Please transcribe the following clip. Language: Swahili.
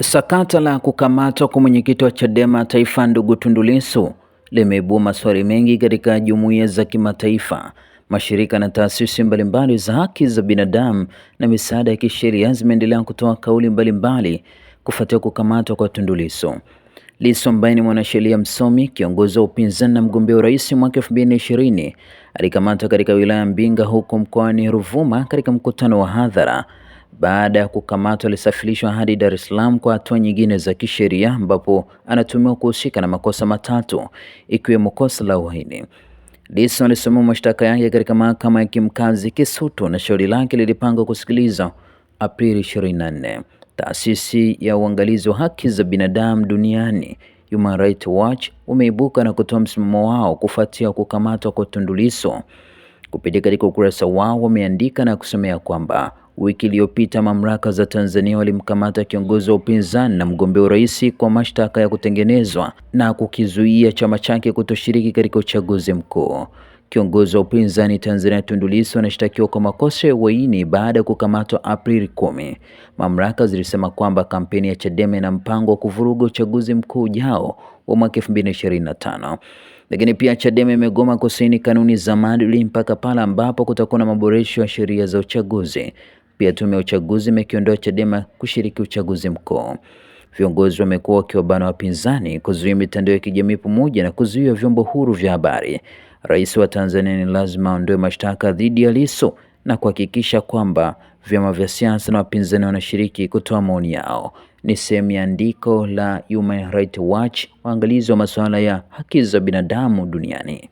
Sakata la kukamatwa kwa mwenyekiti wa Chadema Taifa ndugu Tundu Lissu limeibua maswali mengi katika jumuiya za kimataifa. Mashirika na taasisi mbalimbali za haki za binadamu na misaada ya kisheria zimeendelea kutoa kauli mbalimbali kufuatia kukamatwa kwa Tundu Lissu. Lissu ambaye ni mwanasheria msomi, kiongozi wa upinzani na mgombea urais mwaka 2020 alikamatwa katika wilaya Mbinga huko mkoani Ruvuma katika mkutano wa hadhara baada ya kukamatwa alisafirishwa hadi Dar es Salaam kwa hatua nyingine za kisheria ambapo anatumiwa kuhusika na makosa matatu ikiwemo kosa la uhaini. Lissu alisoma mashtaka yake katika mahakama ya kimkazi Kisutu na shauri lake lilipangwa kusikilizwa Aprili 24. Taasisi ya uangalizi wa haki za binadamu duniani Human Rights Watch umeibuka na kutoa msimamo wao kufuatia kukamatwa kwa Tundu Lissu. Kupitia katika ukurasa wao wameandika na kusomea kwamba Wiki iliyopita mamlaka za Tanzania walimkamata kiongozi wa upinzani na mgombea urais kwa mashtaka ya kutengenezwa na kukizuia chama chake kutoshiriki katika uchaguzi mkuu. Kiongozi wa upinzani Tanzania Tundu Lissu anashtakiwa kwa makosa ya uhaini baada ya kukamatwa Aprili kumi. Mamlaka zilisema kwamba kampeni ya Chadema ina mpango wa kuvuruga uchaguzi mkuu ujao wa mwaka 2025. Lakini pia Chadema imegoma kusaini kanuni za maadili mpaka pale ambapo kutakuwa na maboresho ya sheria za uchaguzi. Pia tume ya uchaguzi imekiondoa Chadema kushiriki uchaguzi mkuu. Viongozi wamekuwa wakiwabana wapinzani, kuzuia mitandao ya kijamii pamoja na kuzuia vyombo huru vya habari. Rais wa Tanzania ni lazima aondoe mashtaka dhidi ya Lissu na kuhakikisha kwamba vyama vya siasa na wapinzani wanashiriki kutoa maoni yao. Ni sehemu ya andiko la Human Rights Watch, waangalizi wa masuala ya haki za binadamu duniani.